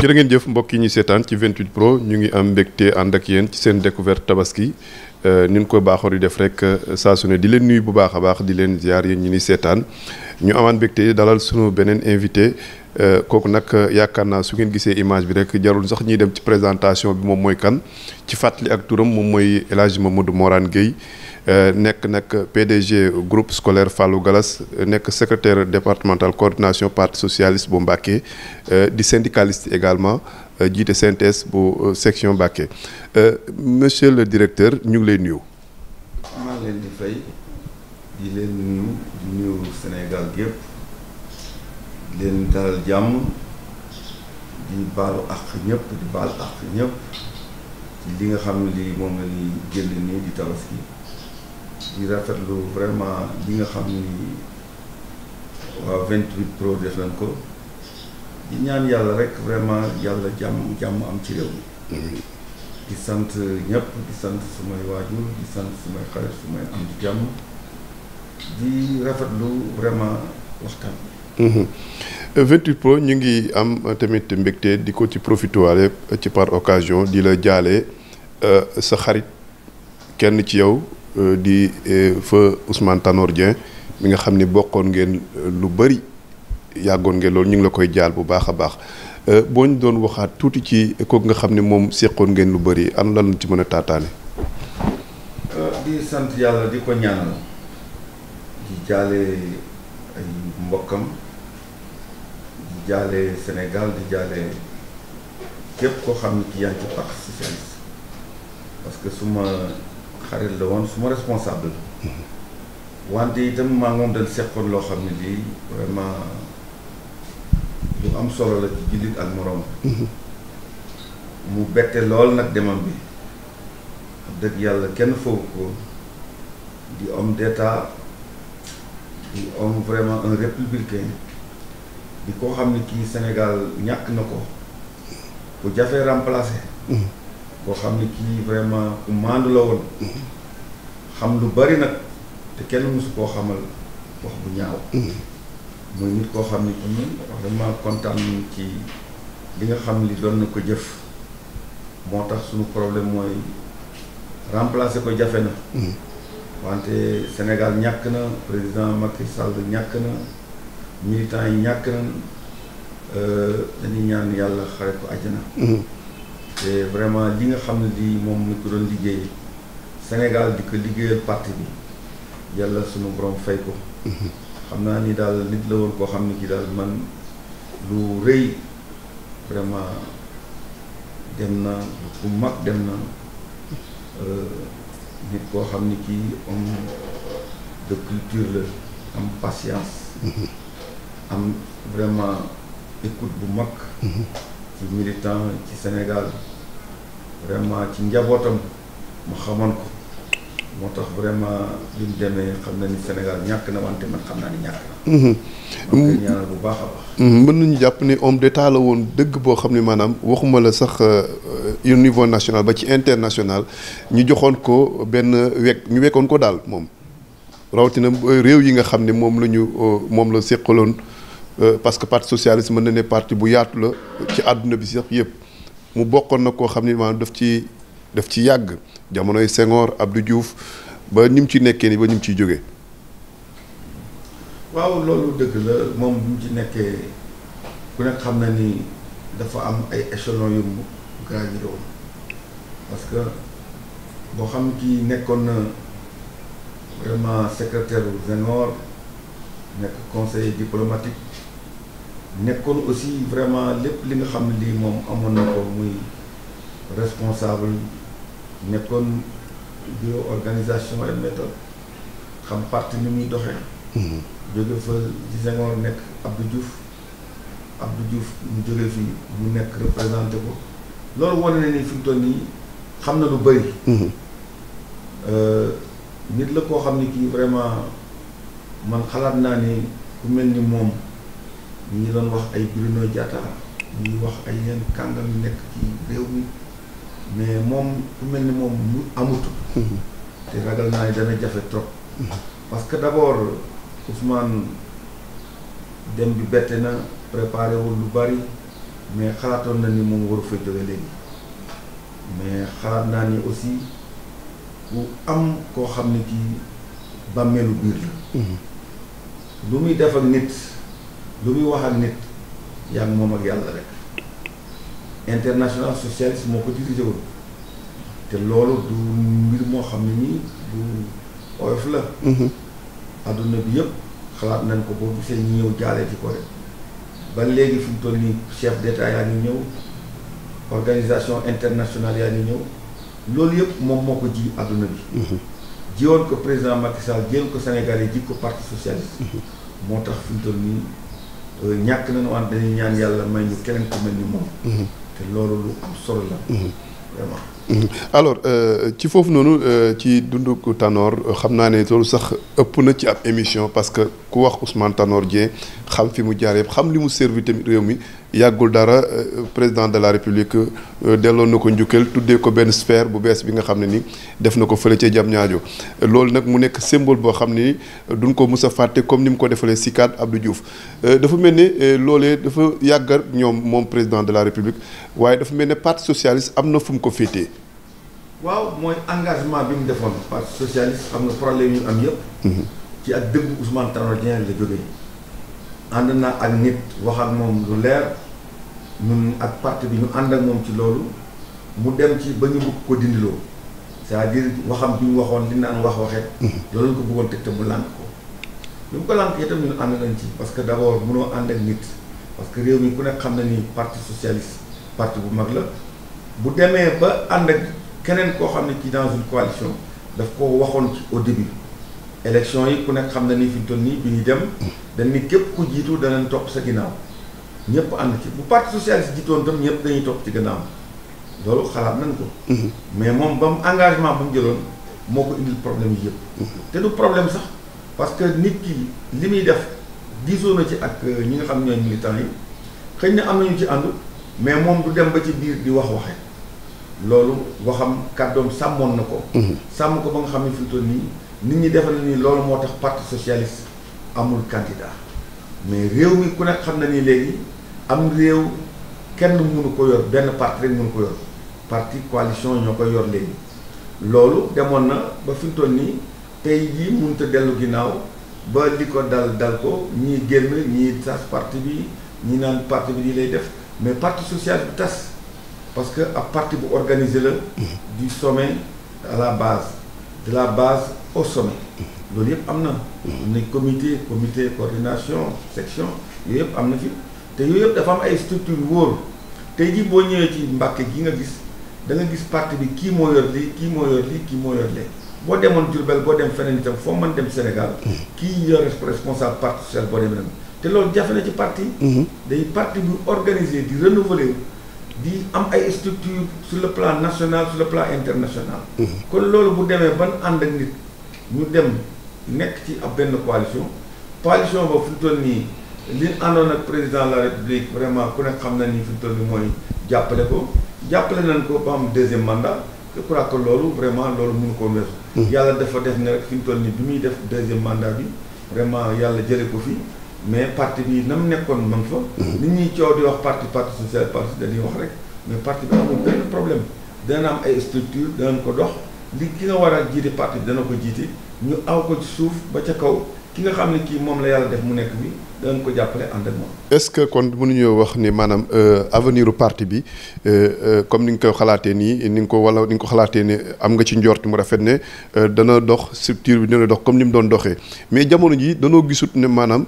jërë ngeen jëf mbokk yi ñu seetaan ci 28 pro ñu ngi am mbégte ànd ak yéen ci seen découverte tabaski euh, ni ñu ko baaxoo di def rek euh, saa su di leen nuyu bu baax a baax di leen ziar yéen ñu ni seetaan ñu amaan mbégte dalal sunu beneen invité euh, kooku nag yaakaar naa su ngeen gisee image bi rek jarul sax ñuy dem ci présentation bi moom mooy kan ci fàttali ak turam moom mooy El Hadj Mamadou Morane Gueye Euh, nekk nag PDG group scolaire Fallou Galas euh, nekk secretaire départemental coordination partie socialiste bu Mbacké euh, di syndicaliste également jiite synthèse bu section Mbacké monsieur le directeur ñu ngi lay nuyu. maa ngi leen di fay di leen nuyu di nuyu Sénégal gépp leen dalal jàmm di baalu àq ñëpp di baal àq ñëpp li nga xam ne moom la ñuy génn nii di tabaski. di rafetlu vraiment li nga xam ni waa 28 pro def nañ ko di ñaan yàlla rek vraiment yàlla jàmm jàmm am ci réew di sant ñëpp di sant sumay waajur di sant sumay xarit sumay am di jàmm di rafetlu vraiment waxtaan bi. 28 mhm. pro ñu ngi am tamit mbégte di ko ci profitoiré ci par occasion di la jaale euh, sa xarit kenn ci yow. Euh, di euh, fa Ousmane Tanor Dieng mi nga xam ni bokkoon ngeen euh, lu bëri yàggoon ngeen loolu ñu ngi la koy jaal bu baax a baax boo ñu doon waxaat tuuti ci kooku nga xam ni moom seqoon ngeen lu bari am an lan ci mën a taataane. di sant yàlla di ko ñaanal di jaale ay mbokkam di jaale Sénégal di jaale képp koo xam ne ki yaa ngi ci parce que suma xarit la woon suma responsable la wante itam maa moom dañ seqoon loo xam ne lii vraiment lu am solo la ci jullit ak moroom mu bette lool nag demam bi dëgg yàlla kenn foofu ko di homme d'état di homme vraiment un républicain di koo xam ne kii Sénégal ñàkk na ko ku jafee remplacer koo xam ne kii vraiment ku maandu la woon xam lu bari nag te kenn mësu koo xamal wax bu ñaaw muy nit koo xam ne ki ñun vraiment kontaan nañ ci li nga xam li doon na ko jëf moo tax suñu problème mooy remplacer ko jafe na wante Sénégal ñàkk na président Macky Sall ñàkk na militants yi ñàkk na euh, dañuy ñaan yàlla xare ko àjjana te vraiment li nga xam ne di moom mi ko doon liggéey Sénégal di ko liggéeyal parti bi yàlla sunu borom fay ko xam naa ni daal nit la woon koo xam ne ki daal man lu rëy vraiment dem na ku mag dem na euh, nit koo xam ne kii homme de culture la am patience am vraiment écoute bu mag ci militant ci Sénégal vraiment njabootam mu xamoon moo tax vraiment bi mu demee xam na ni Sénégal mhm. Mhm. bu baax mhm. mën nañu jàpp ni homme d'état la woon dëgg boo xam ne maanaam waxuma la sax euh, euh, au niveau national ba ci international ñu joxoon ko benn wekk ñu wekkoon ko daal moom. rawatina euh, réew yi nga xam ni moom la ñu moom la séqaloon parce que parti socialiste mën na ne partie bu yaatu la ci àdduna bi sax yëpp. mu bokkoon na koo xam ni ma daf ci daf ci yàgg jamonoy Senghor Abdou Diouf ba ni mu ci nekkee ni ba ni mu ciy jógee. waaw loolu dëgg la moom bi mu ci nekkee ku ne xam na ni dafa am ay échelons yu mu parce que boo xam kii nekkoon na vraiment secrétaire Senghor nekk conseiller diplomatique. nekkoon aussi vraiment lépp li nga xam ne lii moom amoon na ko muy responsable nekkoon bureau organisation et méthode xam parti ni muy doxe mm-hmm. jóge fa ci Senghor nekk Abdou Diouf Abdou Diouf mu jóge fi mu nekk représenté ko loolu wane na ni fi mu xam na lu bëri. Mm-hmm. Euh, nit la koo xam ne kii vraiment man xalaat naa ni ku mel ni moom. ñu ngi doon wax ay Bruno Diatta ñuy wax ay yenn kàngam yu nekk ci réew mi mais moom ku mel ni moom mu amut. Mm-hmm. te ragal naa ne dana jafe trop. Mm-hmm. parce que d' abord Ousmane dem bi bette na préparé wul lu bari mais xalaatoon na ni moom waru fa jóge léegi mais xalaat naa ni aussi ku am koo xam ne kii bàmmeelu biir la. Mm-hmm. lu muy def ak nit. lu muy wax ak nit yaa ngi moom ak yàlla rek international socialiste moo ko dirigé wul te loolu du mbir moo xam ne nii du oyof la mhm. adduna bi yëpp xalaat nañ ko boobu seen ñi ñëw jaalee ci ko rek ba léegi fi mu toll nii chef d'état yaa ngi ñëw organisation international yaa ngi ñëw loolu yëpp moom moo ko ji àdduna bi mhm. jiwoon ko président Macky Sall jël ko Sénégal yi ji ko parti socialiste mhm. moo tax fi mu nii ñàkk nañu wante yàlla may ñu keneen ku mel mhm. loolu solo la. Mhm. vraiment. Mhm. Euh, ci foofu noonu euh, ci dundu Tanor euh, xam naa ne loolu sax ëpp na ci ab émission parce que ku wax Ousmane Tanor Dieng xam fi mu jaar yëpp xam li mu servi tamit réew mi. yàggul dara euh, président de la république euh, delloo na ko njukkal tuddee ko benn sphère bu bees bi nga xam ne ni def na ko fële ca jam ñaajo lool nag mu nekk symbole boo xam ne ni duñ ko mus a fàtte comme ni mu ko defalee Sicap Abdou Diouf euh, dafa mel ne loolee dafa yàggal ñoom moom président de la république waaye dafa mel ne parti socialiste am na fu mu ko féetee. waaw mooy engagement bi mu defoon parti socialiste am na problème yu am yëpp. Mhm. ci ak dëggu Ousmane Tanor ànd naa ak nit wax moom lu leer ñun ak parti bi ñu ànd ak moom ci loolu mu dem ci ba ñu bëgg ko dindiloo c'est-à-dire waxam bi ñu waxoon li naan wax waxee. Mhm. loolu ñu ko bëggoon teg mu lànk ko. lu mu ko lànk itam ñun ànd nañ ci parce que d'abord mënoo ànd ak nit parce que réew mi ku ne xam na ni parti socialiste parti bu mag la bu demee ba ànd ak keneen koo xam ne ci dans une coalition daf koo waxoon ci au début. élection yi ku nekk xam na ni fi ñu toll nii bi ñu dem dañ ni képp ku jiitu danañ topp sa ginnaaw ñëpp ànd ci bu parti socialiste jiitoon tam ñëpp dañuy topp ci ginnaaw loolu xalaat nañ ko. Mhm. mais moom ba mu engagement ba jëloon moo ko indil problème yi yëpp. Mhm. te du problème sax parce que nit ki li muy def diisoo na ci ak euh, ñi nga xam ñooy militants yi xëñ na am nañu ci ànd mais moom bu dem ba ci biir di wax waxe loolu waxam kàddoom sàmmoon na ko. Mhm. sàmm ko ba nga xam ne nii. nit ñi defal ni loolu moo tax parti socialiste amul candidat mais réew mi ku nekk xam na ni léegi am réew kenn mënu ko yor benn parti rek mënu ko yor parti coalition ñoo koy yor léegi loolu demoon na ba fi mu toll nii tey jii mënut a dellu ginnaaw ba li ko dal dal ko ñii génn ñii tas parti bi ñii naan parti bi di lay def mais parti social bi parce que ab parti bu organiser la mm-hmm. du sommet à la base de la base au sommet loolu yëpp am na nañ comité comité coordination section yooyu yëpp am na ci te yooyu yëpp dafa am ay structure wóor tey jii boo ñëwee ci Mbàkke gi nga gis da gis parti bi kii moo yor lii kii moo lii kii moo yor lee boo demoon Diourbel boo dem feneen itam foo man dem Sénégal kii yor responsable parti social boo demee nag te loolu jafe na ci parti mhm. day parti bu organisé di renouveler di am ay structure sur le plan national le plan international mhm. kon loolu bu demee ban ànd ñu dem nekk ci ab benn coalition coalition ba fu mu toll nii li àndoon ak président de la république vraiment ku ne xam na ni fu mu toll nii mooy jàppale ko jàppale nañ ko ba am deuxième mandat je crois que loolu vraiment loolu mënu ko weesu. Hmm. yàlla dafa def ne rek fi mu toll nii bi muy def deuxième mandat bi vraiment yàlla jële ko fi mais parti bi na mu nekkoon man fa. Hmm. nit ñuy coow di wax parti parti social parti dañuy wax rek mais parti bi problème dana am ay structure danañ ko dox. li ki nga war a jiite parti bi dana ko jiite ñu aw ko suuf ba ca kaw ki nga xam ne kii moom la yàlla def mu nekk bi danañ ko jàppale ànd ak moom. est-ce que wax ni maanaam euh, avenir u parti bi euh, euh, comme ni nga ko xalaatee nii ni nga ko wala ni nga ko xalaatee ne am nga ci njort mu rafet ne dana dox structure bi dina dox comme ni mu doon doxee mais jamono ji danoo gisut ne maanaam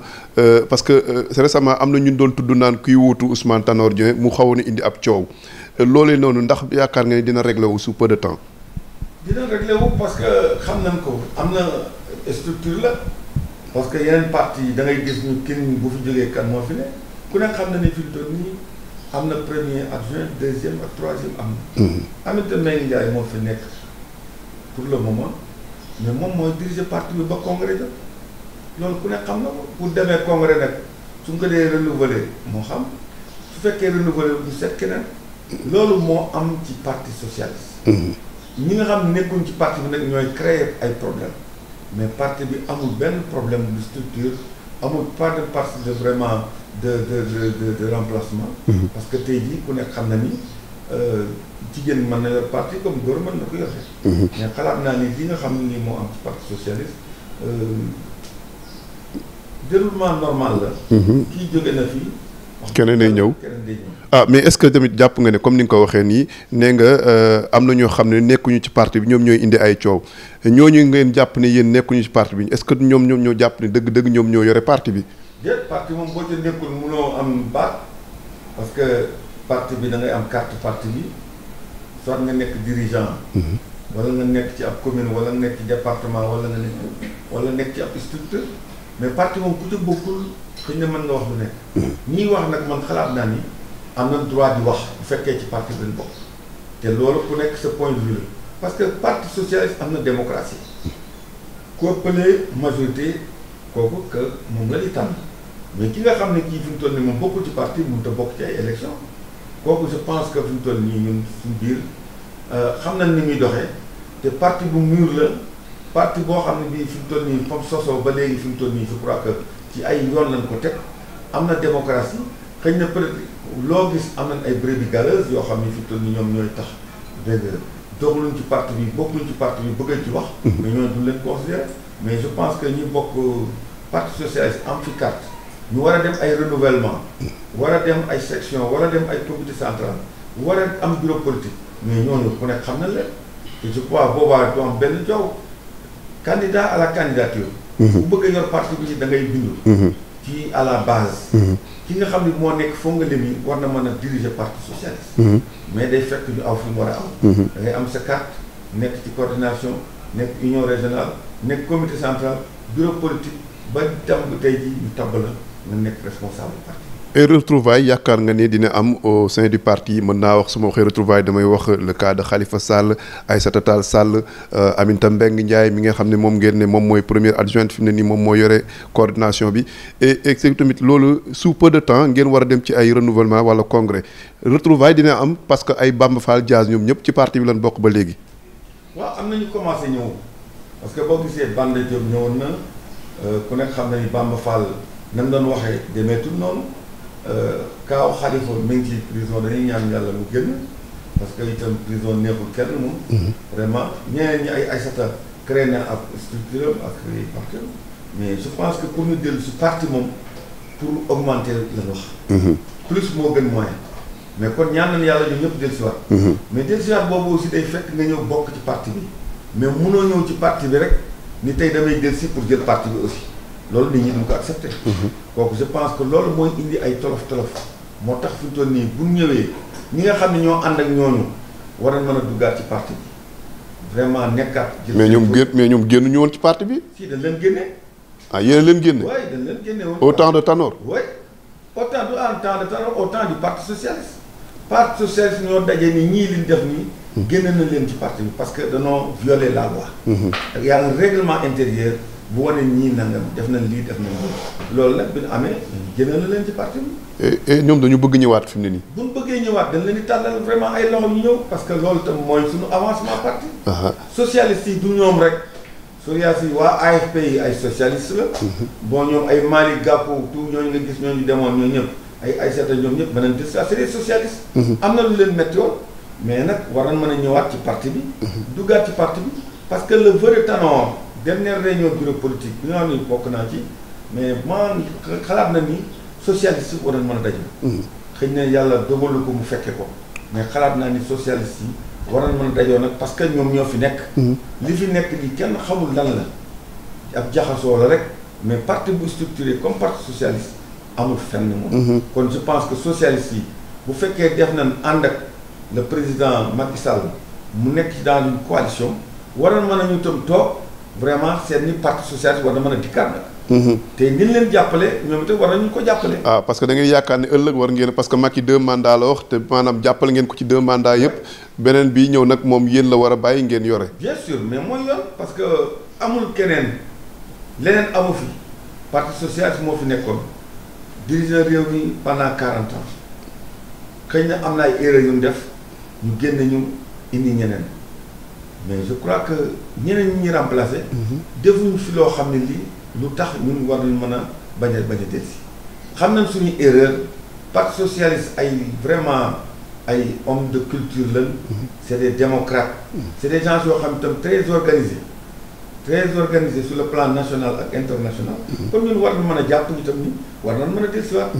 parce que récemment am na ñun doon tudd naan kuy wuutu Ousmane Tanor Dieng mu indi ab coow loolee noonu ndax yaakaar nga dina réglé wu sous peu de dina réglé wu parce que xam nañ ko am na structure la parce que yeneen partie yi da gis ñu kenn bu fi jógee kan moo fi ne ku ne xam na ne fii doon nii am na premier adjoint deuxième ak troisième am na. Mhm. Aminata Mbengue Ndiaye moo fi nekk pour le moment mais moom mooy diriger partie bi ba congrès jot loolu ku ne xam na ko pour demee congrès nag su nga ko dee renouveler moo xam su fekkee renouveler bu set keneen mhm. loolu moo am ci partie socialiste. Mhm. ñi nga xam nekkuñ ci parti bi nag ñooy créer ay problème mais parti bi amul benn problème de structure amul pas de parti de vraiment de de de de remplacement. Mm-hmm. parce que te jii ku nekk xam na ni euh, jigéen mën na yor parti comme góor man na ko yore. Mm-hmm. mais xalaat naa ni li nga xam ni moo am ci parti socialiste euh, déroulement normal la. Mm-hmm. kii jóge na fii. keneen day ñëw ah mais est-ce que tamit jàpp nga ne comme ni nga ko waxee nii nee nga euh, am na ñoo xam ne nekkuñu ci parti bi ñoom ñooy indi ay coow ñu ngeen jàpp ne yéen nekkuñu ci parti bi est-ce que ñoom ñoom ñoo jàpp ne dëgg-dëgg ñoom ñoo yore parti bi. déet parti moom boo am baat parce bi da ngay am carte parti bi soit nga nekk dirigeant. Mhm. wala nga nekk ci ab commune wala nga nekk ci département wala nga nekk ci ab structure mais parti moom ku ca bokkul. ku ne mën nga wax lu nekk. ñiy wax nag man xalaat naa ni am na droit di wax bu fekkee ci parti bi lañ bokk te loolu ku nekk sa point de vue la parce que parti socialiste am na démocratie ku ëppalee majorité kooku que moom la di tànn mais ki nga xam ne kii fi mu toll nii moom bokkul ci parti mënut te bokk ci ay élection kooku je pense que fi mu toll nii ñun suñu biir euh, xam nañ ni muy doxee te parti bu mûr la. parti boo xam ne bii fi mu toll nii comme sosoo ba léegi fi mu toll nii je crois que ci ay yoon lañ ko teg am na démocratie xëy na peut loo gis am nañ ay brebis galeuses yoo xam ne fi mu toll nii ñoom ñooy tax dégg nga doxaluñ ci parti bi bokkuñ ci parti bi bëggañ ci wax. Mhm. mais ñooñu duñ leen considéré mais je pense que ñu bokk euh, parti socialiste am fi carte ñu war a dem ay renouvellement war a dem ay section war a dem ay comité central war a am bureau politique mais ñooñu ku nekk xam na leen je crois boobaa du am benn jaww. candidat à la candidature. bu mhm. bëgg a yor parti bi ci da bindu. Mhm. ci à la base. Mhm. ki nga xam ne moo nekk foog nga war na mën a diriger parti socialiste. mais day fekk ñu aw fu mu war a aw. da ngay am sa carte nekk ci coordination nekk union régionale nekk comité central bureau politique ba tam tey jii ñu tabb la nga nekk responsable parti. et retrouvailles yaakaar nga ni dina am au sein du parti mën naa wax suma ma waxee retrouvailles damay wax le cas de Khalifa Sall Aïssata Tall Sall euh, Aminata Mbengue Ndiaye mi nga xam ne moom ngeen ne moom mooy première adjointe fi mu ne nii moom moo yore coordination bi et tamit loolu sous peu de temps ngeen war a dem ci ay renouvellement wala congrès retrouvailles dina am parce que ay Bamba Fall Diaz ñoom ñëpp ci parti bi lan bokk ba léegi. waaw am na Euh, kaaw Khalifa mi ngi ci prison dañuy ñaan yàlla mu génn parce que itam prison neexul kenn moom. Mhm. vraiment ñeneen ñi ay ay sata créé na ab structure ak ay mais je pense que pour ñu dellu si parti moom pour augmenter la wax. Mhm. plus moo gën moyen. mais kon ñaan nañu yàlla ñun ñëpp dellusiwaat. Mhm. mais dellusiwaat boobu aussi day fekk nga ñëw bokk ci parti bi mais munoo ñëw ci parti bi rek ni tey damay dellusi pour jël parti bi aussi. loolu nit ñi duñ ko accepté. Mhm. kooku je pense que loolu mooy indi ay tolof tolof moo tax fi mu toll nii bu ñëwee ñi nga xam ne ñoo ànd ak ñooñu war a mën a duggaat ci parti bi vraiment nekkaat. mais ñoom génn mais ñoom génn ñu woon ci parti bi. si dañ leen génne. ah yéen leen génne. oui dañ leen génne woon. au temps de Tanor. oui au temps du en temps de Tanor au temps du parti socialiste. parti socialiste ñoo daje ni ñii liñ def nii. Mhm. génne na leen ci parti bi parce que dañoo violer la loi. ak mhm. y a un règlement intérieur. bu wane ñii nangam def na lii def na lii loolu nag bi ñu amee gënal leen ci parti bi. ñoom dañu bëgg ñëwaat fi mu ne nii. bu ñu bëggee ñëwaat dañ leen di tàllal vraiment ay loxo ñu ñëw parce que loolu tam mooy suñu avancement parti. socialiste yi ñoom rek. socialiste yi waa AFP yi ay socialiste la. Mhm. bon ñoom ay Malick Gakou tout ñooñu nga gis ñooñu demoon ñoo ñëpp ay Aïssata ñoom ñëpp beneen des c'est des socialistes. Mhm. am na lu leen métti woon mais nag war nañ mën a ñëwaat ci parti bi. Mhm. duggaat ci parti bi parce que le vrai ténor dernière réunion bureau politique bi nga xam bokk naa ci mais man xalaat na ni socialiste yi war nañ mën a daje. Hmm. xëy na yàlla dogalu ko mu fekke ko mais xalaat naa ni socialiste yi war nañ mën a dajoo nag parce que ñoom ñoo fi nekk. Hmm. li fi nekk li kenn xamul lan la ab jaxasoo la rek mais parti bu structuré comme parti socialiste amul fenn moom. Hmm. kon je pense que socialiste yi bu fekkee def na ànd ak le président Macky mu nekk ci dans une coalition waroon mën a ñu itam toog. vraiment seen i parti socialiste war na mën a dikkaat nag. Mhm. te ñu leen jàppale ñoom itam war nañu ko jàppale. ah parce que da ngay yaakaar ne ëllëg war ngeen parce que Macky deux mandats la wax te maanaam jàppale ngeen ko ci deux mandats yëpp beneen bii ñëw nag moom yéen la war a bàyyi ngeen yore. bien sûr mais mooy yoon parce que amul keneen leneen amu fi parti socialiste moo fi nekkoon dirige na réew mi pendant quarante ans xëy na am na ay erreurs yu def ñu génne ñu mais je crois que ñeneen ñi ñu remplacé. Mhm. defuñu fi loo xam ne lii lu tax ñun war nañ mën a bañ a bañ si delsi xam nañ suñu erreur parti socialiste ay vraiment ay hommes de culture lañ. Mhm. c' est des démocrates. Mhm. c' est des yoo xam itam très organisés. très organisé sur plan national ak international. Mhm.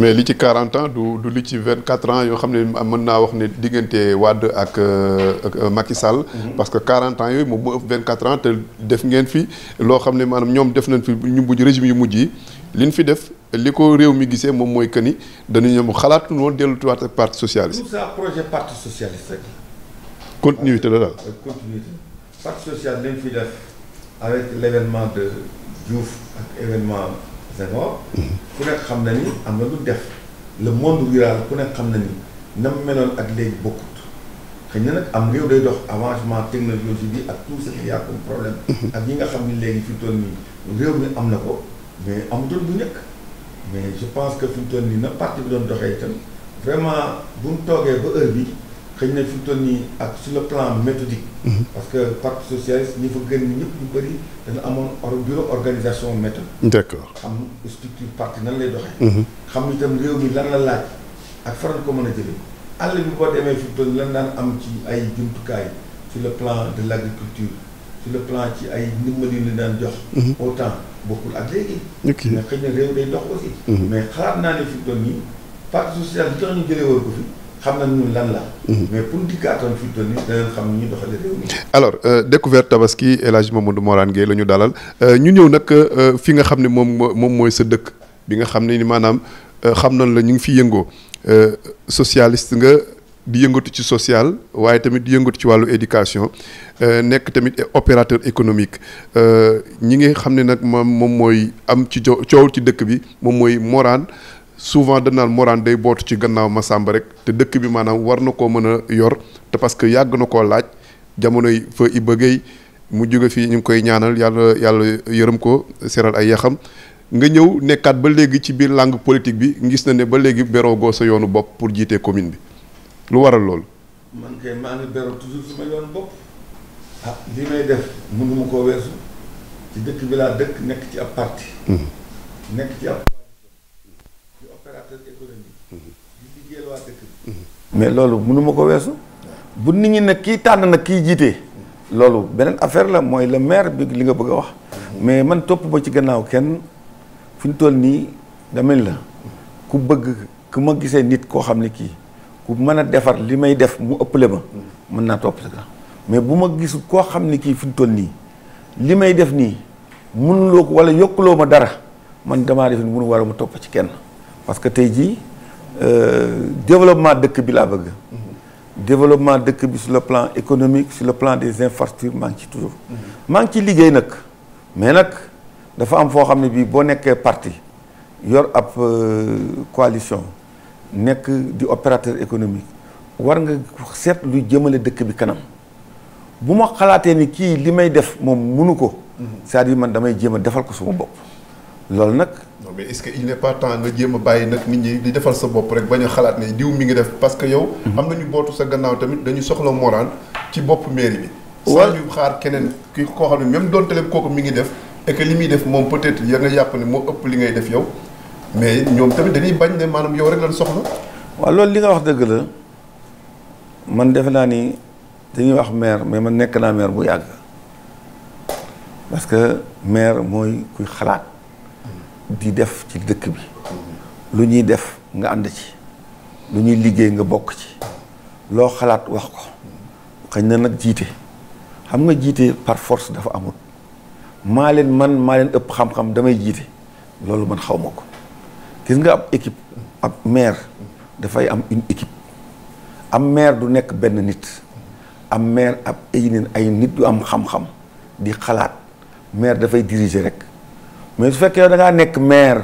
mais li ci 40 ans du du li ci 24 ans yoo xam ne mën naa wax ni diggante Wade ak euh, euh, Macky Sall. Mhm. parce que 40 ans yooyu moom moo ëpp 24 ans te def ngeen fi loo xam ne maanaam ñoom def nañ fi ñu mujj régime yu mujj yi li ñu fi def li ko réew mi gisee moom mooy que ni dañu ñoom xalaatu woon delluwaat ak parti socialiste. tout continuité la daal. continuité parti socialiste fi def. avec l'événement de Diouf ak événement Senghor. Mm-hmm. ku nekk xam na ni am na lu def. le monde rural ku nekk xam na ni na mu meloon ak léegi bokkut xëy na nag am réew day dox avancement technologie bi ak tout ce qu'il y a comme problème. Mm-hmm. ak ñi nga xam ni léegi fi mu toll nii réew mi am na ko mais amatul bu njëkk. mais je pense que fi mu toll nii na parti bi doon doxee itam vraiment bu mu toogee ba heure bi xëy na fi mu toll nii ak sur le plan méthodique. Mhm. parce que parti socialiste ñi fa gën ñëpp ñu bëri dana amoon or bureau organisation méthode. d'accord xam structure parti nan lay doxee. Mhm. xam itam réew mi lan la laaj ak faral ko mën a jëlee àll bi boo demee fi mu lan daan am ci ay juntukaay sur le plan de l'agriculture sur le plan ci ay ndimbali li daan jox. Mhm. autant bokkul ak léegi. ok mais xëy na réew day dox aussi. mais xalaat naa ne fi mu toll nii parti socialiste jox xam nañu lan la. Mhm. mais pour dikkaatoon fii toll nii danañ xam ni ñu doxalee réew mi. alors euh, découverte tabaski El Hadj Mamadou Morane la ñu dalal euh, ñu ñëw nag euh, fi nga xam ne moom moom mooy sa dëkk bi nga xam ne ni maanaam euh, xam nañ la ñu ngi fi yëngoo socialiste nga di yëngatu ci social waaye tamit di yëngatu ci wàllu éducation nekk tamit opérateur économique ñi ngi xam ne nag moom moom mooy am ci jo coowul ci dëkk bi moom mooy Morane. souvent dañ naan Morane day bootu ci gannaaw Massamba rek te dëkk bi maanaam war na koo mën a yor te parce que yàgg na koo laaj jamonoy fa Iba Guèye mu jóge fii ñu ngi koy ñaanal yàlla yàlla yërëm ko seral ay yaxam nga ñëw nekkaat ba léegi ci biir langue politique bi ngis na ne ba léegi beroogoo sa yoonu bopp pour jiite commune bi lu waral loolu. man kay maa beroo toujours sama yoonu bopp ah li may def mënuma koo weesu ci dëkk bi laa dëkk nekk ci ab parti. Hmm. nekk ci ab. opérateur économique. Mhm. Mhm. mais loolu mënu ma ko weesu. bu nit ñi nag kii tànn nag kii jiite. loolu beneen affaire la mooy la maire bi li nga bëgg a wax. mais man topp ma ci gannaaw kenn fi ñu toll nii dama la ku bëgg ku ma gisee nit koo xam ne kii ku mën a defar li may def mu ëpple ma. mën naa topp ci mais bu ma gisul koo xam ne kii fi ñu toll nii li may def nii mënuloo ko wala yokkuloo ma dara man damaa def ni mënu war a ma topp ci kenn. parce que tey jii euh, développement dëkk bi laa bëgg. développement dëkk bi sur le plan économique sur le plan des infrastructures maa ngi ci toujours. Mhm. maa ngi ci liggéey nag. mais nag dafa am foo xam ne bii boo nekkee parti yor ab euh, coalition nekk di opérateur économique war nga seet luy jëmale dëkk bi kanam mhm. bu ma xalaatee ni kii li may def moom mënu ko. Mhm. cest à man damay jéem a defal ko suma bopp loolu nag. mais est-ce que il n'est pas temps nga jéem a bàyyi nag nit ñi di defal sa bopp rek bañ a xalaat ne diw mi ngi def parce que yow. Mhm. am nañu bootu sa gannaaw tamit dañu soxla moraan ci bopp mairie bi. waaw saa ñu xaar keneen ki koo xam ne même donte leen kooku mi ngi def et que li muy def moom peut-être ya nga yàpp ne moo ëpp li ngay def yow mais ñoom tamit dañuy bañ ne maanaam yow rek lañ soxla. waaw loolu li nga wax dëgg la man defe naa ni dañuy wax maire mais man nekk naa maire bu yàgg que maire mooy kuy xalaat. di def ci dëkk bi lu ñuy def nga ànd ci lu ñuy liggéey nga bokk ci loo xalaat wax ko xañ na nag jiite xam nga jiite par force dafa amul maa leen man maa leen ëpp xam-xam damay jiite loolu man xaw ma ko gis nga am équipe ab maire dafay am une équipe am maire du nekk benn nit am maire ab ay ay nit du am xam-xam di xalaat maire dafay diriger rek mais su fekkee da ngaa nekk maire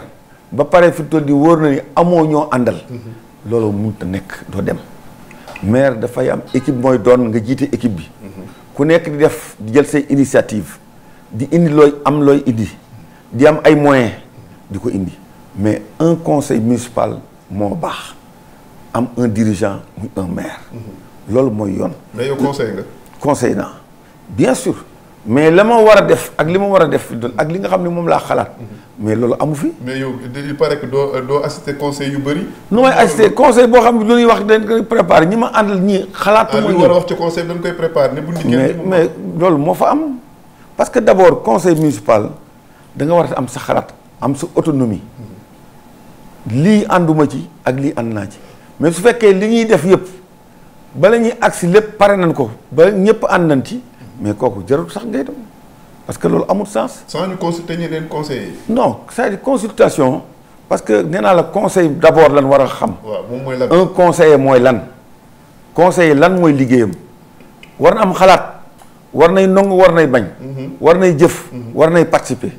ba pare fi toll di wóor na ni amoo ñoo àndal. Mm-hmm. loolu mënut a nekk doo dem. maire dafay am équipe mooy doon nga jiite équipe bi. Mm-hmm. ku nekk di def di jël say initiative di indi looy am looy indi di am ay moyen di ko indi mais un conseil municipal moo baax am un dirigeant muy un maire. Mm-hmm. loolu mooy yoon. mais yow conseil nga. conseil naa bien sûr. mais la ma war a def ak li ma war a def doon ak li nga xam ne moom laa xalaat mais loolu amu fi. mais yow il paraît que doo doo assister conseil yu bëri. nu may assister conseil boo xam ne lu ñuy wax dañ koy préparé ñi ma àndal ñii. xalaatuma ah, ñu war a wax ci conseil dañ koy préparé ne bu ñu mais mais loolu moo fa am parce que d' abord conseil municipal da nga war a am sa xalaat am sa autonomie lii ànduma ci ak lii ànd naa ci mais su fekkee li ñuy def yëpp bala ñuy agsi lépp pare nañ ko ba ñëpp ànd nañ ci. mais kooku jërul sax ngay dem parce que loolu amut sens. sans ñu consulter ñu leen conseiller. non c'est-à-dire consultation parce que nee naa la conseil d'abord lan war a xam. waaw moom mooy lan un conseiller mooy lan. conseiller lan mooy liggéeyam war na am xalaat war nay nongu war nay bañ. Mhm. war nay jëf. Mhm. war nay participer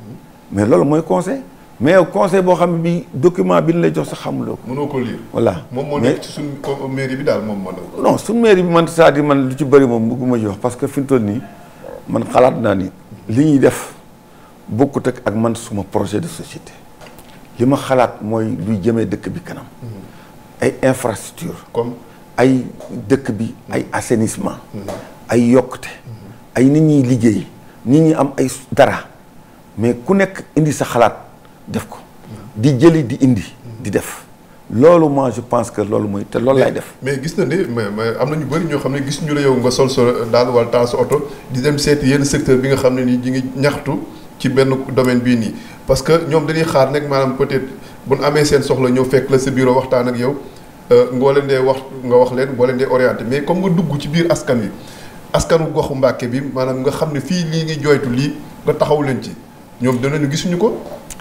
mais loolu mooy conseil. mais conseil boo xam ne bi document bi ñu lay jox sax xamuloo ko. mënoo ko lire. voilà moom moo nekk ci suñu bi daal moom moo non suñu mairie man c'est-à-dire lu ci bëri moom bëgguma jox parce que fi mu toll nii man xalaat naa ni li ñuy def bokkut ak man suma projet de société li ma xalaat mooy luy jëmee dëkk bi kanam. Mm-hmm. ay infrastructure comme ay dëkk bi ay mm-hmm. assainissement. Mm-hmm. ay yokkute. ay nit ñuy liggéey nit ñi am ay dara mais ku nekk indi sa xalaat. def ko di jëli di indi di def loolu moi je pense que loolu mooy te loolu laay def mais gis na ne mais am na ñu bëri ñoo xam ne gisuñu la yow nga sol sa daal wala taal sa oto di dem seeti yenn secteur bi nga xam ne nii ñi ngi ñaxtu ci benn domaine bii nii parce que ñoom dañuy xaar nekk maanaam peut-être bu amee seen soxla ñëw fekk la sa bureau waxtaan ak yow euh, ngoo leen dee wax nga wax leen ngoo leen dee orienté mais comme nga dugg ci biir askan wi askanu goxu Mbàkke bi maanaam nga xam ne fii lii ngi jooytu lii nga taxaw leen ci ñoom danañu gisuñu ko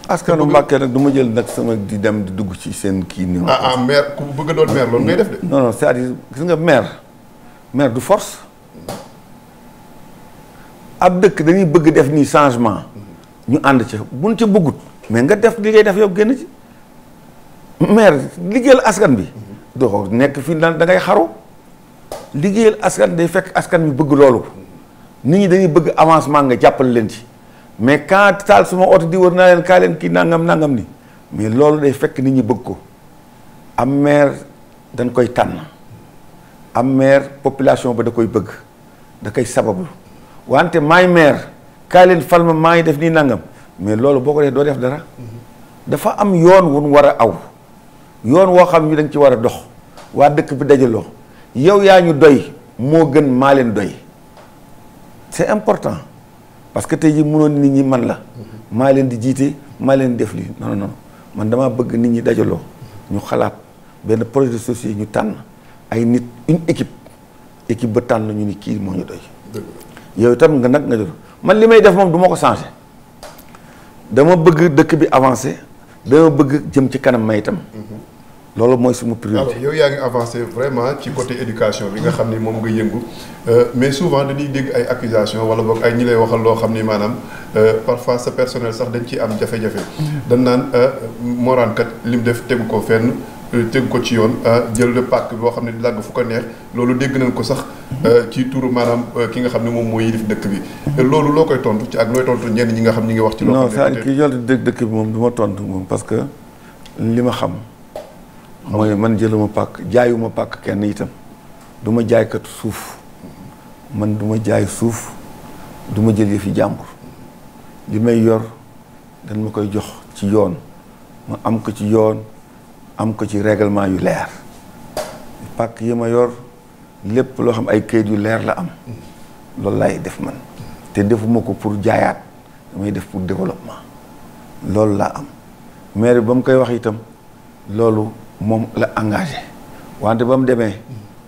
askanu Mbàkke nag du ma jël nag sama di dem di dugg ci seen kii nii. ah ah maire ku bëgg doon maire loolu ngay def de. non non c'est-à-dire gis nga maire maire du force ab dëkk dañuy bëgg def nii changement ñu ànd ca buñ ca bëggut mais nga def li ngay def yow génn ci maire liggéeyal askan bi. doo nekk fii da ngay xaru liggéeyal askan day fekk askan bi bëgg loolu nit ñi dañuy bëgg avancement nga jàppal leen ci. mais quand taal suma oto di wër naa leen kaa leen kii nangam nangam ni mais loolu day fekk nit ñi bëgg ko am maire dañ koy tànn am maire population ba da koy bëgg da koy sabablu wante maay maire kaa leen fal maa ngi def nii nangam mais loolu boo ko def doo def dara dafa am yoon wun war a aw yoon woo xam ñu dañ ci war a dox waa dëkk bi dajaloo yow yaa ñu doy moo gën maa leen doy c'est important parce que tey ji mënoon nit ñi man la maa leen di jiite maa leen def lii non non man damaa bëgg nit ñi dajaloo ñu xalaat benn projet de société ñu tànn ay nit une équipe équipe ba tànn ñu ni kii moo ñu doy. yow itam nga nag nga jot man li may def moom du ma ko changé dama bëgg dëkk bi avancé dama bëgg jëm ci kanam may itam. Mm-hmm. loolu mooy suma priorité alors yow yaa ngi avancé vraiment ci côté éducation bi nga xam ni moom nga yëngu euh, mais souvent dañuy dégg ay accusations wala boog ay ñi lay waxal loo xam ni maanaam euh, parfois sa personnel sax dañ ci am jafe-jafe. dañ naan euh, Morane kat lim def tegu ko fenn tegu ko ci yoon jël le pàcc boo xam ne di làgg fu ko neex loolu dégg nañ ko sax. ci turu maanaam ki nga xam ne moom mooy yilif dëkk bi. loolu loo koy tontu ci ak looy tontu ñenn ñi nga xam ñi ngi wax. ci loo xam ne non ki moom du ma tontu moom parce que li ma xam. mooy man jëluma pàkk jaayuma pàkk kenn itam du ma jaaykat suuf man duma ma jaay suuf duma ma jël yëfi jàmbur li may yor dañ ma koy jox ci yoon ma am ko ci yoon am ko ci règlement yu leer pàkk yi ma yor lépp loo xam ay kayit yu leer la am loolu laay def man te defuma ko pour jaayaat damay def pour développement loolu laa am maire ba mu koy wax itam loolu moom la engage wante ba mu demee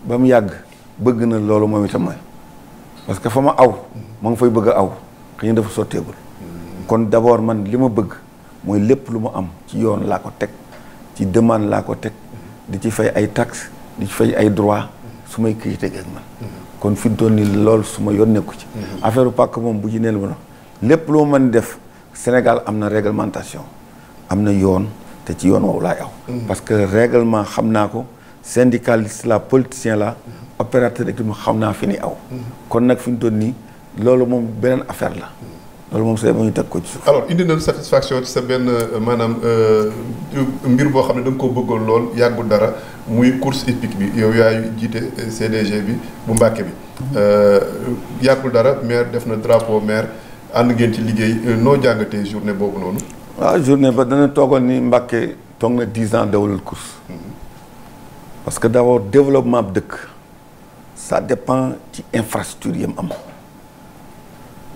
ba mu yàgg bëgg na loolu moom itam mooy parce que fa ma aw ma ngi fay bëgg a aw xëy na dafa sotteegul kon d'abord man li ma bëgg mooy lépp lu ma am ci yoon laa ko teg ci demande laa ko teg di ci fay ay tax di ci fay ay droits su may kii teg ak man kon fi mu toll nii loolu su ma yoon nekku ci affaire pàkk moom bu ci neel ma lépp lu ma mën def Sénégal am na réglementation am na yoon ci yoon woowu laay aw mm. parce que règlement xam naa ko syndicaliste la politicien la opérateur économique xam naa fi ni aw mm. kon nag fi ñu doon nii loolu moom beneen affaire la mm. loolu moom say ma ñu teg ko ci suuf alors indi na satisfaction ci sa benn euh, maanaam euh, mbir boo xam ne da ko bëggoon lool yàggul dara muy course hippique bi yow yaay jiite euh, CDG bi bu Mbàkke bi yàggul dara maire def na drapeau maire ànd ngeen ci liggéey noo jàngatee journée boobu noonu waaw ah, journée ba dana toogoon ni Mbàkke toog na dix ans dawalul course parce que d'abord développement bi dëkk ça dépend ci infrastructure yam am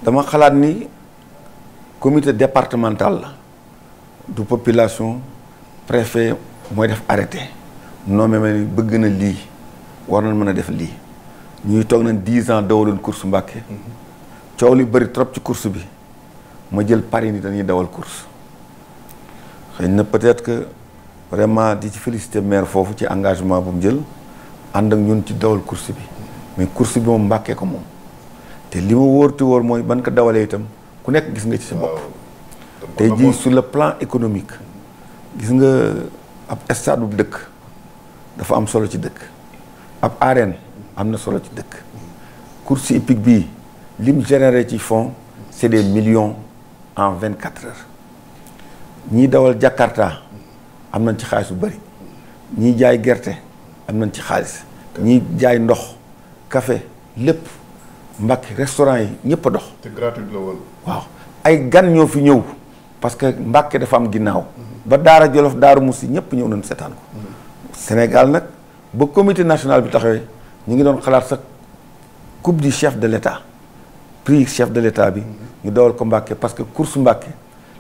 dama xalaat ni comité départemental la du population préfet mooy def arrêté nommé ma ni bëgg na lii war na mën a def lii ñuy toog na dix ans dawaloon course Mbàkke mhm. coow li bëri trop ci course bi ma jël pari ni dañuy dawal course xëy na peut-être que vraiment di ci félicité maire foofu ci engagement bu mu jël ànd ak ñun ci dawal course bi mais course bi moom mbàkkee ko moom te li ma wóor te wóor mooy ban dawalee itam ku nekk gis nga ci sa bopp tey jii sur le plan économique gis nga ab stade bu dëkk dafa am solo ci dëkk ab arène am na solo ci dëkk course hippique bii lim généré ci fonds c'est des millions en vingt-quatre heures ñii dawal Jakarta am nañ ci xaalis bu bari ñii jaay gerte am nañ ci xaalis ñii jaay ndox kafe lépp Mbàkke restaurant yi ñëpp dox. waaw ay gan ñoo fi ñëw parce que Mbàkke dafa am ginnaaw. ba Daara Jolof Daaru muus Musi ñëpp ñëw nañu seetaan ko. Sénégal nag ba commité national bi taxe ñu ngi doon xalaat sax coupe di chef de l' état prix chef de l' bi ñu dawal ko Mbàkke parce que course Mbàkke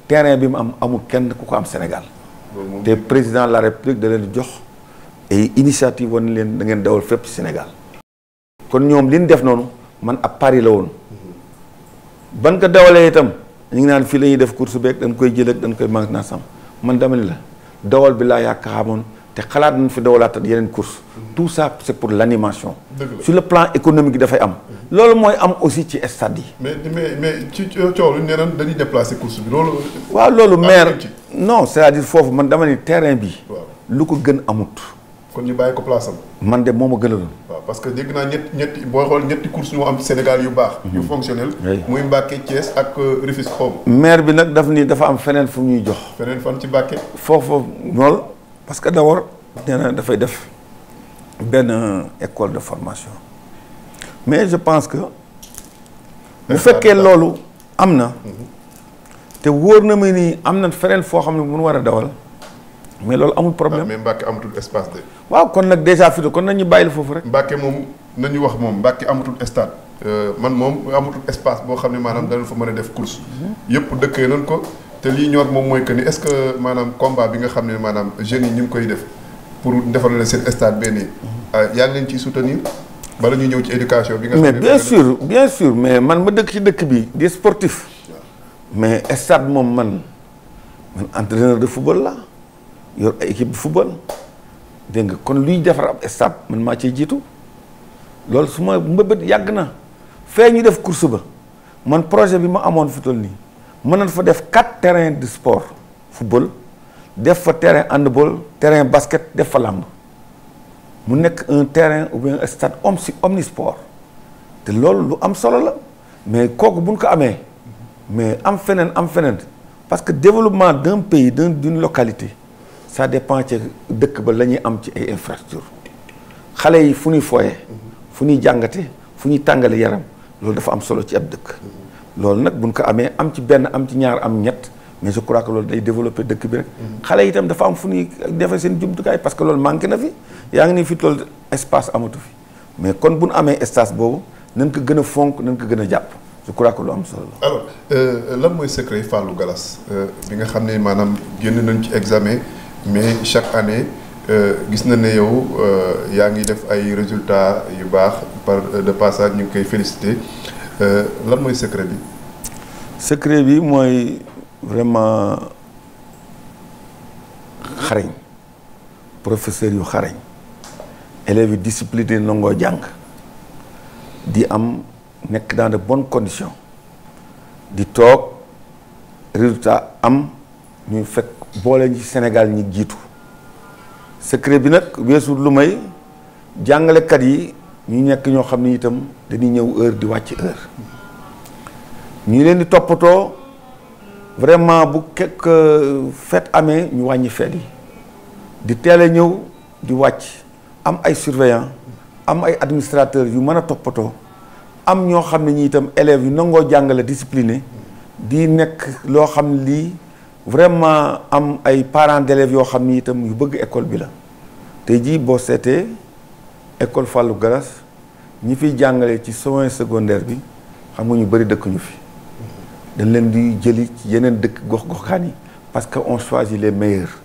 terrain bi mu am amul kenn ku ko am Sénégal. te président de la république da leen jox ay initiative woon leen da ngeen dawal fépp Sénégal. kon ñoom li ñu def noonu man ab pari la woon. ban ko dawalee itam ñu ngi naan fii la ñuy def course beek dañ koy jël ak dañ koy manqué man dama la dawal bi laa yàq xamoon. te xalaat nañ fi dawalaat yeneen course tout ça c' pour l' animation. sur le plan économique dafay am. loolu mooy am aussi ci stade yi. mais mais mais ci coow lu nee dañuy déplacer course bi loolu. waaw loolu maire non c' à dire foofu man dama ni terrain bi. lu ko gën amut. kon ñu bàyyi ko place am. man de moom ma gënaloon. waaw parce que dégg naa ñetti ñetti booy xool ñetti course yu am Sénégal yu baax. yu mhm. fonctionnel. muy Mbacké Thiès ak euh, Rufisque xaw maire bi nag daf ni dafa am feneen fu ñuy jox. feneen fan ci Mbacké. foofu loolu. parce que d'abord nee dafay def benn école de formation mais je pense que bu fekkee loolu am na te wóor na ma nii am na feneen foo xam ne mun war a dawal mais loolu amul problème ah, mais Mbacke amatul espace de. waaw kon nag déjà fii kon nañu bàyyil foofu rek. Mbacke moom nañu wax moom Mbacke amatul stade. Euh, man moom amatul espace boo xam ne maanaam danañ fa mën a def course. Mhm. yëpp dëkkee nañ ko. te lii ñor moom mooy que ni est-ce que maanaam combat bi nga xam ne maanaam jeunes yi ñu ngi koy def pour defaral la seen stade benn yi ah, yàlla ci ciy soutenir bala ñu ñëw ci éducation bi nga mais bien sûr bien sûr mais man ma dëkk ci dëkk bi di sportif mais stade moom man man entraîneur de football la yor ay équipe de football dégg nga kon luy defar ab stade man maa ciy jiitu loolu su ma mbëbët yàgg na fee ñu def course ba man projet bi ma amoon fi toll nii mën nañ fa def quatre terrains de sport football def fa terrain handball terrain basket def fa làmb mu nekk un terrain ou bien un stade omnisport te loolu lu am solo la mais kooku buñ ko amee mais am feneen am feneen parce que développement d'un pays d'un d'une localité ça dépend ci dëkk ba la ñuy am ci ay infrastructures xale yi fu ñuy fooyee fu ñuy jàngate fu ñuy tàngale yaram loolu dafa am solo ci ab dëkk loolu nag bu buñ ko amee am ci benn am ci ñaar am ñett mais je crois que loolu day développé dëkk bi rek. xale itam dafa am fu ñuy defee seen jumtukaay parce que loolu manqué na fi. yaa ngi ni fi toll espace amatu fi mais kon bu nu amee espace boobu nañ ko gën a fonk nañ ko gën a jàpp je crois lu am solo la. Euh, lan mooy secret Fallou Gallas euh, bi nga xam ne maanaam génn nañu ci examen mais chaque année. Euh, gis na ne yow yaa ngi def ay résultat yu baax par d passage ñu ngi koy félicité Euh, lan mooy secret bi. secret bi mooy vraiment xarañ professeur yu xarañ élèves yi discipliné nangoo jàng di am nekk dans de bonnes conditions di toog résultat am ñuy fekk boole ci Sénégal ñi jiitu secret bi nag weesu lu may jàngalekat yi. ñu nekk ñoo xam ne itam dañuy ñëw heure di wàcc heure ñu leen di toppatoo vraiment bu kekk euh, fête amee ñu wàññi fête yi di teel a ñëw di wàcc am ay surveillant am ay administrateur yu mën a toppatoo am ñoo xam ne ñi itam élèves yu nangoo jàngale discipliné di nekk loo xam lii vraiment am ay parents d'élèves yoo xam ni itam yu bëgg école bi la tey jii boo seetee école Fallou Garas ñi fiy jàngale ci soins secondaire bi xam nga ñu bëri dëkk ñu fi dañ leen di jëli ci yeneen dëkk gox goxaan yi parce que on choisit les meilleurs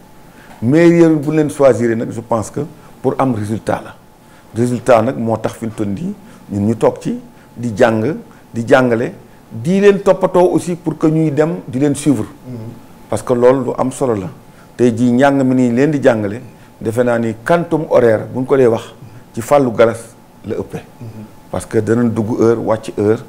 meilleurs bu leen choisir nag je pense que pour am résultat la résultat nag moo tax fi mu toll nii ñun ñu toog ci di jàng di jàngale di leen toppatoo aussi pour que ñuy dem di leen suivre parce que loolu lu am solo la tey jii njàng mi nii leen di jàngale defe naa ni quantum horaire bu ñu ko dee wax ci fàllu galas la ëpp parce que danañ dugg heure wàcc heure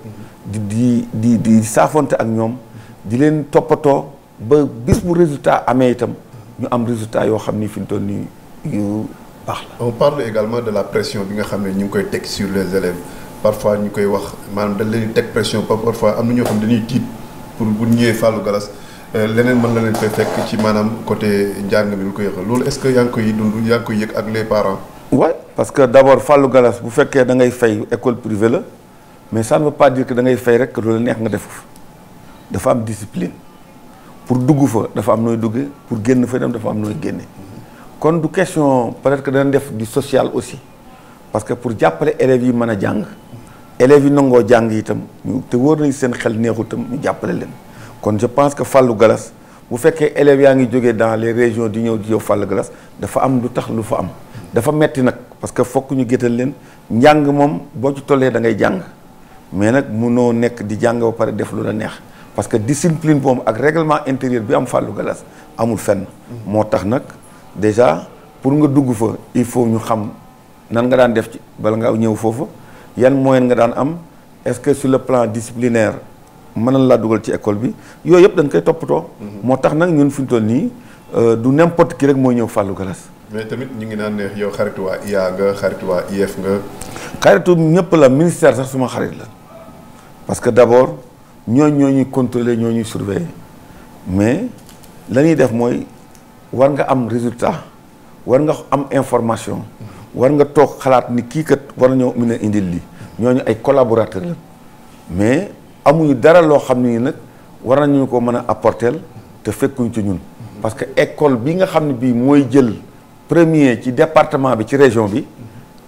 di di di di saafonte ak ñoom di leen toppatoo ba bis bu résultat amee itam ñu am résultat yoo xam ni fi mu toll nii yu baax la on parle également de la pression bi nga xam ne ñu ngi koy teg sur les élèves parfois ñu koy wax maanaam dañ leen teg pression parfois am na ñoo xam dañuy tiit pour bu ñëwee fàllu galas euh, leneen mën na leen fay fekk ci maanaam côté njàng mi lu koy waxee loolu est-ce que yaa ngi koy dund yaa ngi yëg ak les parents. parce que d' abord Fallou Galas bu fekkee da ngay école privée la mais ça ne veut pas dire que da ngay fay rek lu la neex nga def fa dafa am discipline pour dugg fa dafa am nooy duggee pour génn fa dafa am nooy génne kon du question peut-être que dana def du sociale aussi parce que pour jàppale élèves yi mën a jàng élèves yi nangoo jàng itam ñu te wóor nañ seen xel neexu tam ñu jàppale leen kon je pense que Fallou Galas bu fekkee élèves yaa ngi jóge dans les régions di ñëw di yow fàll glace dafa am lu tax lu fa am dafa metti nag parce que fokk ñu gétal leen njàng moom boo ci tollee da ngay jàng mais nag noo nekk di jàng ba pare def lu la neex parce que discipline boobu ak règlement intérieur bi am fàllu galas amul fen moo tax nag déjà pour nga dugg fa il faut ñu xam nan nga daan def ci bala nga ñëw foofu yan moyen nga daan am est-ce que su le plan disciplinaire mënal laa dugal ci école bi yooyu yëpp dañ koy toppatoo. Mhm. moo tax nag ñun fi ñu toll nii euh, du n'importe qui rek mooy ñëw fàllu galas. mais tamit ñu ngi naan ne yow xaritu waa IA nga xaritu waa IEF nga. xaritu ñëpp la ministère sax suma xarit la parce que d' abord ñooñu ñoo ñuy contrôler ñoo ñuy surveiller mais la ñuy def mooy war nga am résultat war nga am information war nga toog xalaat ni kii kat war nañoo mën a indil lii mhm. ñooñu ay collaborateurs la mais. amuñu dara loo xam ne nag war nañu ko mën a apporter te fekkuñ ci ñun. parce que école bi nga xam ne bii mooy jël premier ci département bi ci région bi.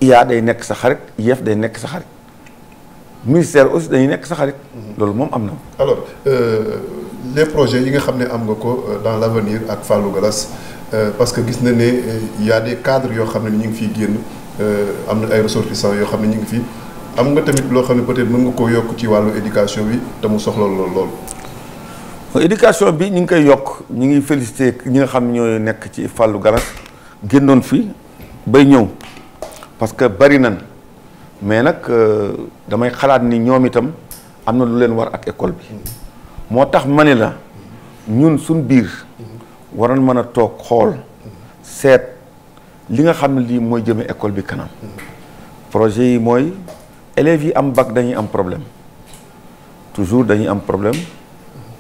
yaa day nekk sa xarit IEF day nekk sa xarit ministère aussi dañuy nekk sa xarit. loolu moom am na. alors euh, les projets yi nga xam ne am nga ko euh, dans l' avenir ak Fallou Gallas euh, parce que gis na ne euh, y' a des cadres yoo xam ne ñu ngi fii génn am na ay ressortissants yoo xam ne ñu ngi fii am nga tamit loo xam ne peut-être mën nga koo yokk ci wàllu éducation bi te mu soxla lool lool. bi ñu ngi koy yokk ñu ngi félicité ñi nga xam ñooy nekk ci fàllu galas génnoon fi bay ñëw parce que bari nan mais nag euh, damay xalaat ni ñoom itam am na lu leen war ak école bi moo tax ma ne la ñun suñ biir waroon mën a toog xool seet li nga xam ne lii mooy jëme école bi kanam projet yi mooy. élèves yi am bac dañuy am problème toujours dañuy am problème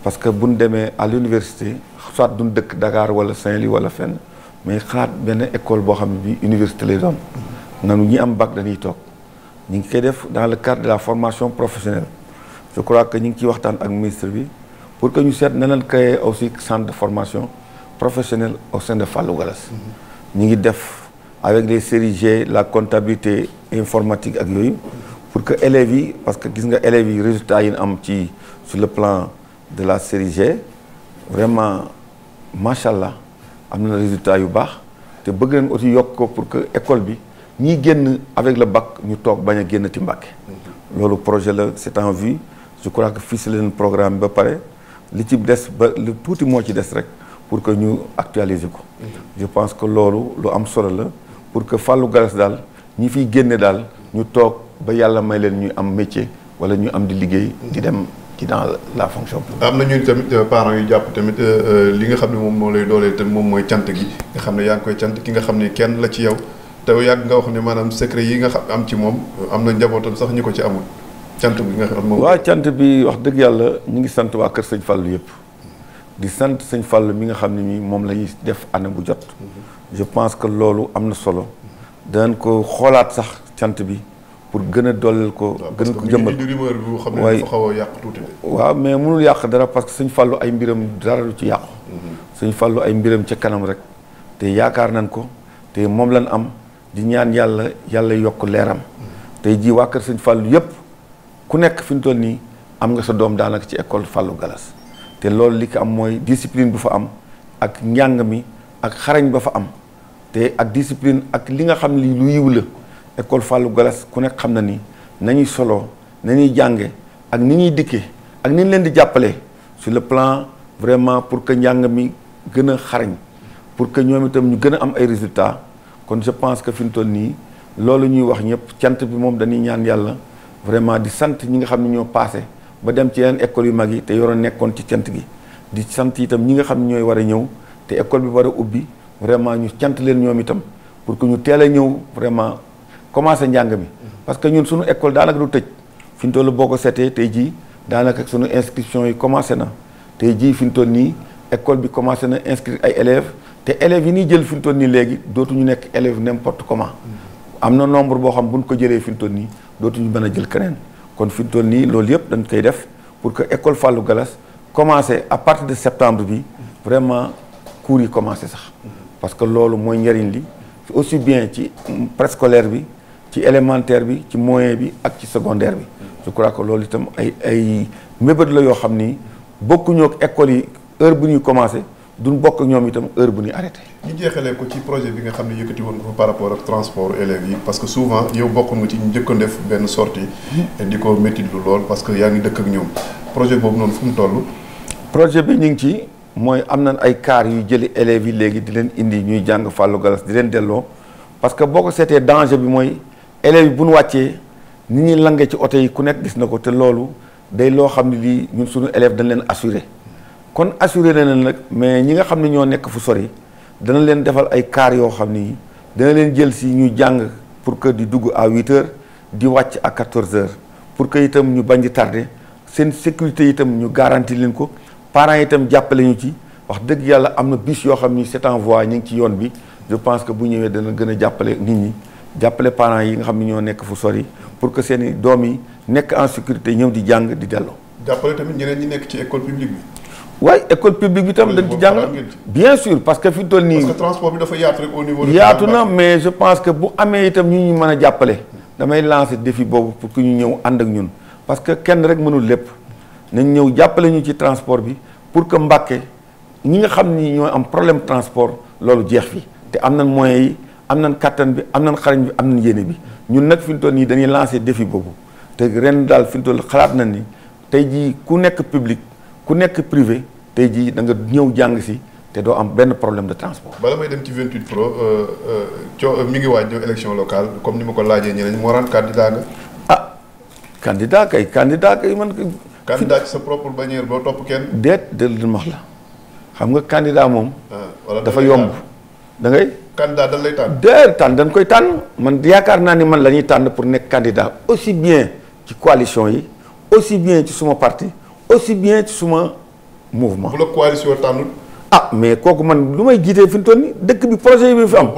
parce que bu buñ demee à l'université soit duñ dëkk Dakar wala Saint-Louis wala fenn mais xaat benn école boo xam ne bi université lay doon nanu ñi am bag dañuy toog ñu ngi koy def dans le cadre de la formation professionnelle je crois que ñu ngi ciy waxtaan ak ministre bi pour que ñu seet na leen créer aussi centre de formation professionnelle au sein de Fallou Galass ñu ngi def avec les séries G la comptabilité ak yooyu pour que élève yi parce que gis nga élèves yi résultat yi ñu am ci sur le plan de la série G vraiment macha allah am na résultats yu baax te bëgg nañ aussi yokk ko pour que école bi ñiy génn avec le bac ñu toog bañ a génn ci Mbàkke mhm. loolu projet la c'est en vue je crois que fii si leen programme ba pare li ci des ba lu tuuti moo ci des rek pour que ñu actualiser ko mhm. je pense que loolu lu am solo la pour que fàllu galas daal ñi fiy génne daal ñu toog ba yàlla may leen ñuy am métier wala ñu am di liggéey di dem ci dans la fonction publique am na ñuy tamit euh, parent yu jàpp tamit euh, euh, li nga xam ne moom moo lay dooleel tamit moom mooy cant gi xam ne yaa ngi koy cant ki nga xam ne kenn la ci yow te yàgg nga wax ne maanaam yi nga xam am ci moom am na njabootam sax ñu ko ci amul cant bi nga xam moom waaw cant bi wax dëgg yàlla ñu ngi sant waa kër sëñ Fallou yëpp di sant sëñ Fallou mi nga xam ne mi moom la def année bu jot mhm. je pense que loolu am na solo danañ ko xoolaat sax cant bi pour gën a dollal ko. gën ko jëmmal waaye xam xaw yàq tuuti waaw mais mënul yàq dara parce que suñ fàllu ay mbiram dara ci yàqu. Mhm. suñ fàllu ay mbiram ca kanam rek. te yaakaar nañ ko te moom lañ am di ñaan yàlla yàlla yokk leeram. Mhm. tey jii waa kër suñ fàllu yëpp ku nekk fi ñu toll nii am nga sa doom daanaka ci école fàllu galas te loolu li ko am mooy discipline bu fa am ak njàng mi ak xarañ ba fa am te ak discipline ak li nga xam ni lu yiw la. école Fallou Galas ku nekk xam na ni nañuy solo na ñuy jànge ak ni ñuy dikkee ak ni leen di jàppale sur le plan vraiment pour que njàng mi gën a xarañ pour que ñoom itam ñu gën a am ay résultats kon je pense que fi mu toll nii loolu ñuy wax ñëpp cant bi moom dañuy ñaan yàlla vraiment di sant ñi nga xam ne ñoo paase ba dem ci yeneen école yu mag yi te yoroon nekkoon ci cant gi di sant itam ñi nga xam ne ñooy war a ñëw te école bi war a ubbi vraiment ñu cant leen ñoom itam commencé njàng mi parce que ñun suñu école daanaka du tëj fi ñu toll boo ko seetee tey jii daanaka suñu inscription yi commencé na tey jii fi ñu toll nii école bi commencé na inscrire ay élèves te élèves yi ñuy jël fi ñu toll nii léegi dootuñu nekk élèves n'importe comment am na nombre boo xam bu ñu ko jëlee fi ñu toll nii dootuñu mën a jël keneen kon fi ñu toll nii loolu yëpp dañ koy def pour que école Fallou Gallas commencé à partir de septembre bi vraiment cours yi commencé sax parce que loolu mooy njëriñ li aussi bien ci mm, préscolaire bi ci élémentaire bi ci moyen bi ak ci secondaire bi je crois que loolu itam ay ay mébét la yoo xam ni bokkuñoo ak école yi heure bu ñuy commencé duñ bokk ñoom itam heure bu ñuy arrêté. ñu jeexalee projet bi nga xam ne yëkkati woon nga fa par rapport ak transport élèves yi que souvent yow bokk nga ci ñu def benn sortie mm-hmm. di ko métti lu lool parce que yaa ngi dëkk ak ñoom projet boobu noonu fu mu tollu projet bi ñu ngi ci mooy am nañ ay car yu jëli élève yi léegi di leen indi ñuy jàng fàllu galas di leen delloo parce que boo ko seetee danger bi mooy. élèves yi bu nu wàccee ni ñuy lange ci oto yi ku nekk gis na ko te loolu day loo xam ne lii ñun suñu élèves dañ leen assuré kon assuré na leen nag mais ñi nga xam ne ñoo nekk fu sori dana leen defal ay kaar yoo xam ni dana leen jël si ñu jàng pour que di dugg à huit di wàcc ak quatorze heures pour que itam ñu bañ di tardé seen sécurité itam ñu garanti leen ko parents itam jàppale ñu ci wax dëgg yàlla am na bus yoo xam ni c'est en voie ñu ngi ci yoon bi je pense que bu ñëwee dana gën a jàppale nit ñi. jàppale parent yi nga xam ne ñoo nekk fu sori pour que seeni i doom yi nekk en sécurité ñëw di jàng di delloo. jàppale tamit ñeneen ñi nekk ci école publique bi. waaye école publique bi tam dañ ci jàngal bien sûr parce que fi toll nii. parce que transport au niveau. yaatu na mais je pense que bu amee itam ñu ñu mën a jàppale. damay lancer défi boobu pour que ñu ñëw ànd ak ñun parce que kenn rek mënul lépp nañ ñëw jàppale ñu ci transport bi pour que Mbàkke ñi nga xam ni ñoo am problème transport loolu jeex fi te am na moyens yi. am nañ kattan bi am na xariñ bi am nañ yéene bi ñun nag fi mu toll nii dañuy lancé défi boobu te ren daal fi mu toll xalaat na ni tey jii ku nekk public ku nekk privé tey jii da nga ñëw jàng si te doo am benn problème de transport. bala may dem ci 28 pro euh, euh, co euh, mi ngi waaj ñëw élection comme ni ma ko laajee ñeneen moo daan candidat nga. ah candidat kay candidat kay man. candidat ci sa propre bannière boo topp kenn. déet déet li max la xam nga candidat moom. Ah, dafa yomb candidat dañ lay tànn. de tànn dañ koy tànn man yaakaar naa ni man lañuy tànn pour nekk candidat aussi bien ci coalition yi aussi bien ci suma parti aussi bien ci suma mouvement. bu la coalition tànnul. ah mais kooku man lu jiitee fi mu nii dëkk bi projet yi bi fi am.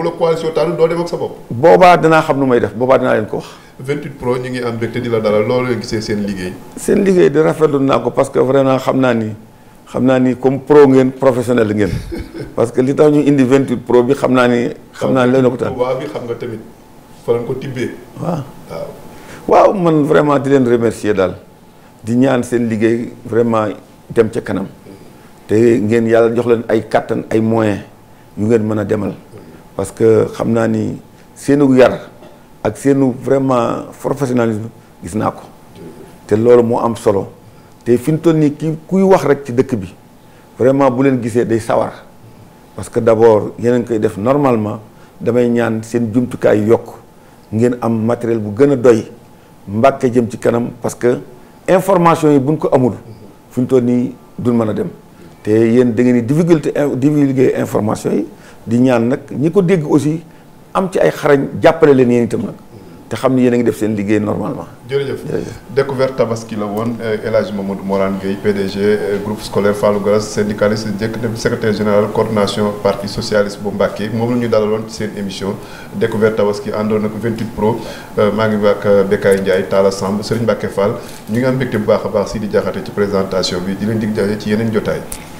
boobaa danaa xam nu may def boobaa danaa leen ko wax. 28 pro ñu ngi am mbégte di la dalal loolu gisee seen liggéey. seen liggéey di rafetlu naa ko parce que vraiment xam naa ni. xam naa ni comme pro ngeen professionnel ngeen parce que li tax ñu indi 28 pro bi xam naa ni. xam naa ni ko taal waaw bi xam nga tamit fa lañ ko tibbee. waaw waaw man vraiment di leen remercier daal di ñaan seen liggéey vraiment dem ca kanam te ngeen yàlla jox leen ay kàttan ay moyens yu ngeen mën a demal parce que xam naa ni seenu yar ak seenu vraiment professionnalisme gis naa ko te loolu moo am solo. te fi ñu toll nii ki kuy wax rek ci dëkk bi vraiment bu leen gisee day sawar parce que d'abord yéen a ngi koy def normalement damay ñaan seen jumtukaay yokk ngeen am matériel bu gën a doy mbàkke jëm ci kanam parce que information yi buñ ko amul fi ñu toll nii duñ mën a dem te yéen da ngeen di difficulté divulguer information yi di ñaan nag ñi ko dégg aussi am ci ay xarañ jàppale leen yéen itam nag te xam ni yéen a ngi def seen liggéey normalement. jërëjëf découverte tabaski la woon eh, El Hadj Mamadou Morane Gueye PDG eh, groupe scolaire Fallou Galass syndicaliste njëkk dem secrétaire général coordination parti socialiste bu Mbacké moom la ñu dalaloon ci seen émission découverte tabaski àndoon ak 28 pro eh, maa ngi ak Bekay Ndiaye Talla Samb Serigne Mbacké Fall ñu ngi am mbégte bu baax a baax si di jaxate ci présentation bi di leen dig jaajëf ci yeneen jotaay.